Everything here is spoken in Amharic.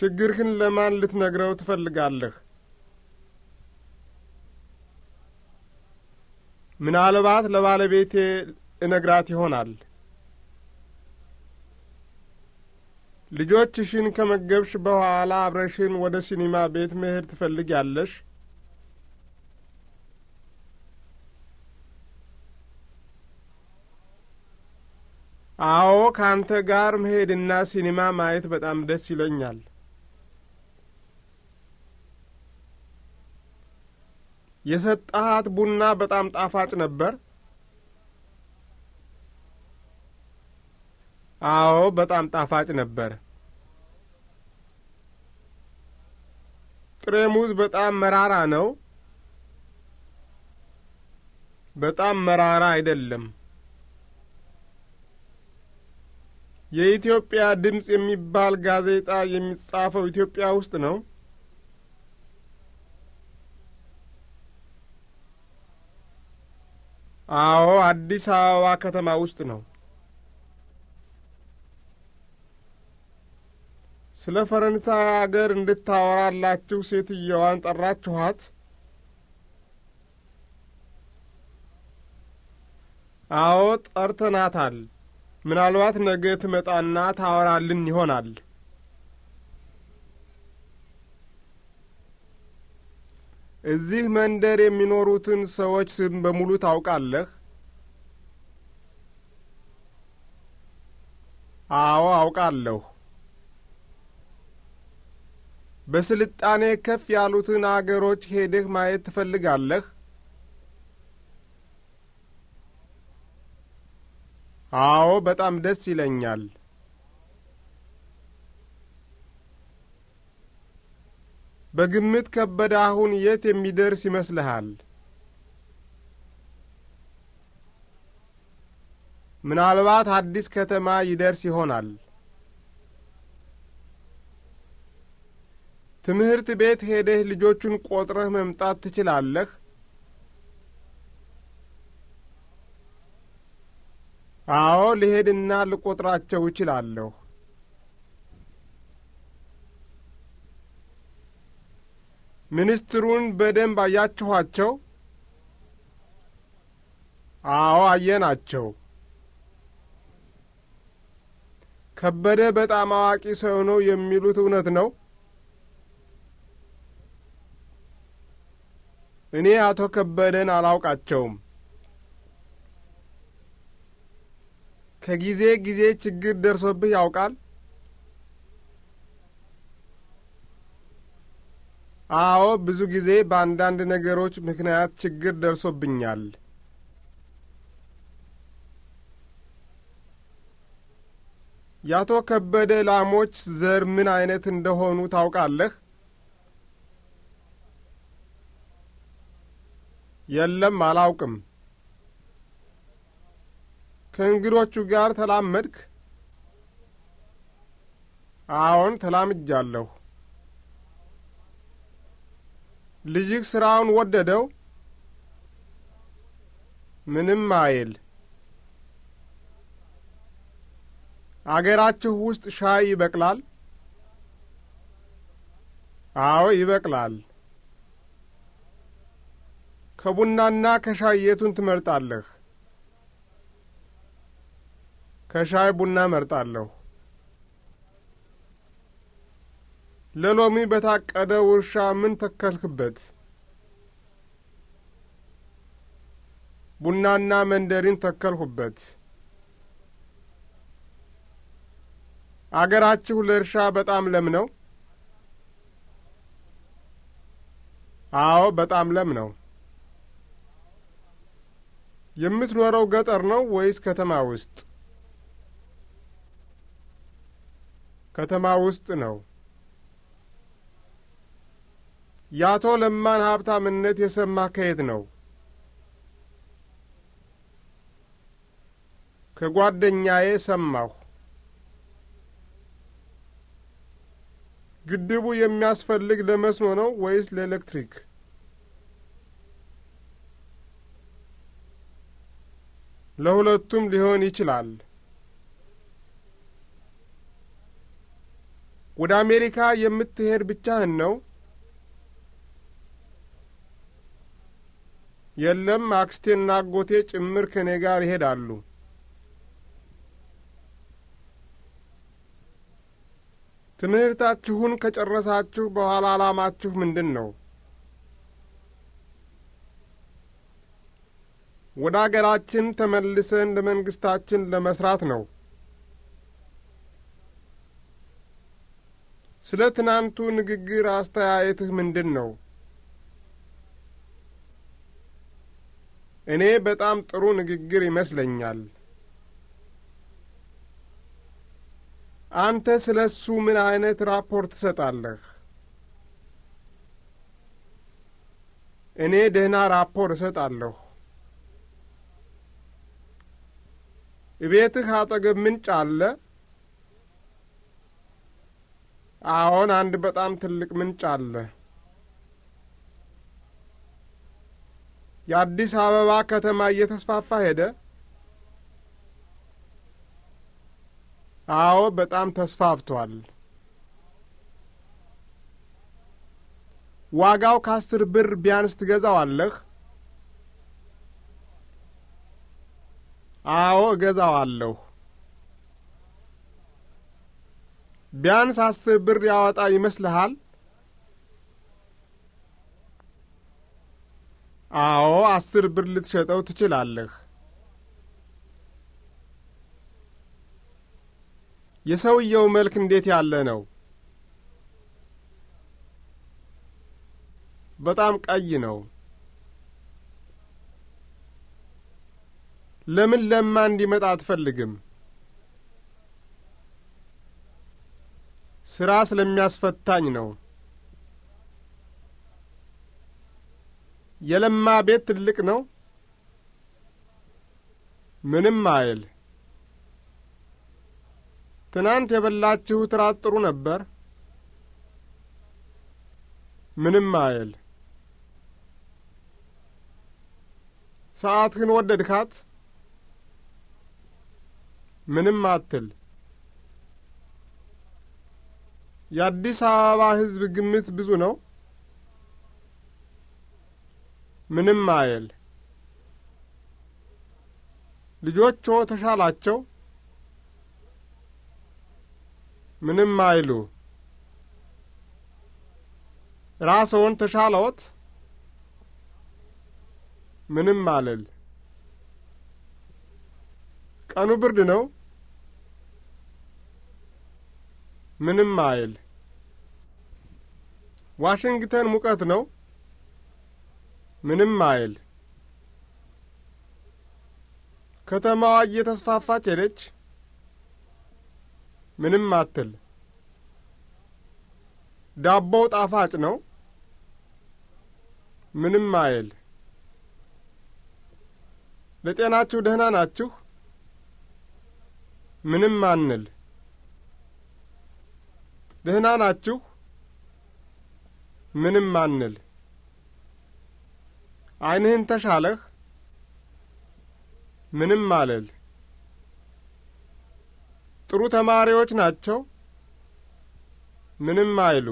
ችግርህን ለማን ልትነግረው ትፈልጋለህ? ምናልባት ለባለቤቴ እነግራት ይሆናል። ልጆችሽን ከመገብሽ በኋላ አብረሽን ወደ ሲኒማ ቤት መሄድ ትፈልጊያለሽ? አዎ ካንተ ጋር መሄድና ሲኒማ ማየት በጣም ደስ ይለኛል። የሰጠሃት ቡና በጣም ጣፋጭ ነበር። አዎ በጣም ጣፋጭ ነበር። ጥሬ ሙዝ በጣም መራራ ነው። በጣም መራራ አይደለም። የኢትዮጵያ ድምፅ የሚባል ጋዜጣ የሚጻፈው ኢትዮጵያ ውስጥ ነው? አዎ፣ አዲስ አበባ ከተማ ውስጥ ነው። ስለ ፈረንሳይ አገር እንድታወራላችሁ ሴትየዋን ጠራችኋት? አዎ፣ ጠርተናታል። ምናልባት ነገ ትመጣና ታወራልን ይሆናል። እዚህ መንደር የሚኖሩትን ሰዎች ስም በሙሉ ታውቃለህ? አዎ አውቃለሁ። በስልጣኔ ከፍ ያሉትን አገሮች ሄደህ ማየት ትፈልጋለህ? አዎ በጣም ደስ ይለኛል። በግምት ከበደ አሁን የት የሚደርስ ይመስልሃል? ምናልባት አዲስ ከተማ ይደርስ ይሆናል። ትምህርት ቤት ሄደህ ልጆቹን ቆጥረህ መምጣት ትችላለህ? አዎ ልሄድና ልቆጥራቸው እችላለሁ። ሚኒስትሩን በደንብ አያችኋቸው? አዎ አየናቸው። ከበደ በጣም አዋቂ ሰው ነው የሚሉት እውነት ነው? እኔ አቶ ከበደን አላውቃቸውም። ከጊዜ ጊዜ ችግር ደርሶብህ ያውቃል? አዎ፣ ብዙ ጊዜ በአንዳንድ ነገሮች ምክንያት ችግር ደርሶብኛል። የአቶ ከበደ ላሞች ዘር ምን አይነት እንደሆኑ ታውቃለህ? የለም፣ አላውቅም። ከእንግዶቹ ጋር ተላመድክ? አዎን ተላምጃለሁ። ልጅህ ስራውን ወደደው? ምንም አይል። አገራችሁ ውስጥ ሻይ ይበቅላል? አዎ ይበቅላል። ከቡናና ከሻይ የቱን ትመርጣለህ? ከሻይ ቡና መርጣለሁ። ለሎሚ በታቀደ ውርሻ ምን ተከልክበት? ቡናና መንደሪን ተከልሁበት። አገራችሁ ለእርሻ በጣም ለም ነው? አዎ፣ በጣም ለም ነው። የምትኖረው ገጠር ነው ወይስ ከተማ ውስጥ? ከተማ ውስጥ ነው። የአቶ ለማን ሀብታምነት የሰማህ ከየት ነው? ከጓደኛዬ ሰማሁ። ግድቡ የሚያስፈልግ ለመስኖ ነው ወይስ ለኤሌክትሪክ? ለሁለቱም ሊሆን ይችላል። ወደ አሜሪካ የምትሄድ ብቻህን ነው? የለም፣ አክስቴና አጎቴ ጭምር ከኔ ጋር ይሄዳሉ። ትምህርታችሁን ከጨረሳችሁ በኋላ ዓላማችሁ ምንድን ነው? ወደ አገራችን ተመልሰን ለመንግስታችን ለመስራት ነው። ስለ ትናንቱ ንግግር አስተያየትህ ምንድን ነው? እኔ በጣም ጥሩ ንግግር ይመስለኛል። አንተ ስለ እሱ ምን አይነት ራፖርት ትሰጣለህ? እኔ ደህና ራፖር እሰጣለሁ። እቤትህ አጠገብ ምንጭ አለ? አሁን አንድ በጣም ትልቅ ምንጭ አለ። የአዲስ አበባ ከተማ እየተስፋፋ ሄደ። አዎ፣ በጣም ተስፋፍቷል። ዋጋው ከአስር ብር ቢያንስ ትገዛዋለህ? አዎ፣ እገዛዋለሁ። ቢያንስ አስር ብር ያወጣ ይመስልሃል? አዎ፣ አስር ብር ልትሸጠው ትችላለህ። የሰውየው መልክ እንዴት ያለ ነው? በጣም ቀይ ነው። ለምን ለማ እንዲመጣ አትፈልግም? ሥራ ስለሚያስፈታኝ ነው። የለማ ቤት ትልቅ ነው። ምንም አይል። ትናንት የበላችሁት ራት ጥሩ ነበር። ምንም አይል። ሰዓትህን ወደድካት? ምንም አትል። የአዲስ አበባ ህዝብ ግምት ብዙ ነው? ምንም አይል። ልጆቹ ተሻላቸው? ምንም አይሉ። ራስዎን ተሻለዎት? ምንም አልል። ቀኑ ብርድ ነው? ምንም አይል። ዋሽንግተን ሙቀት ነው? ምንም አይል። ከተማዋ እየተስፋፋች ሄደች? ምንም አትል። ዳቦው ጣፋጭ ነው? ምንም አይል። ለጤናችሁ ደህና ናችሁ? ምንም አንል። ደህና ናችሁ? ምንም አንል። ዓይንህን ተሻለህ? ምንም አልል። ጥሩ ተማሪዎች ናቸው? ምንም አይሉ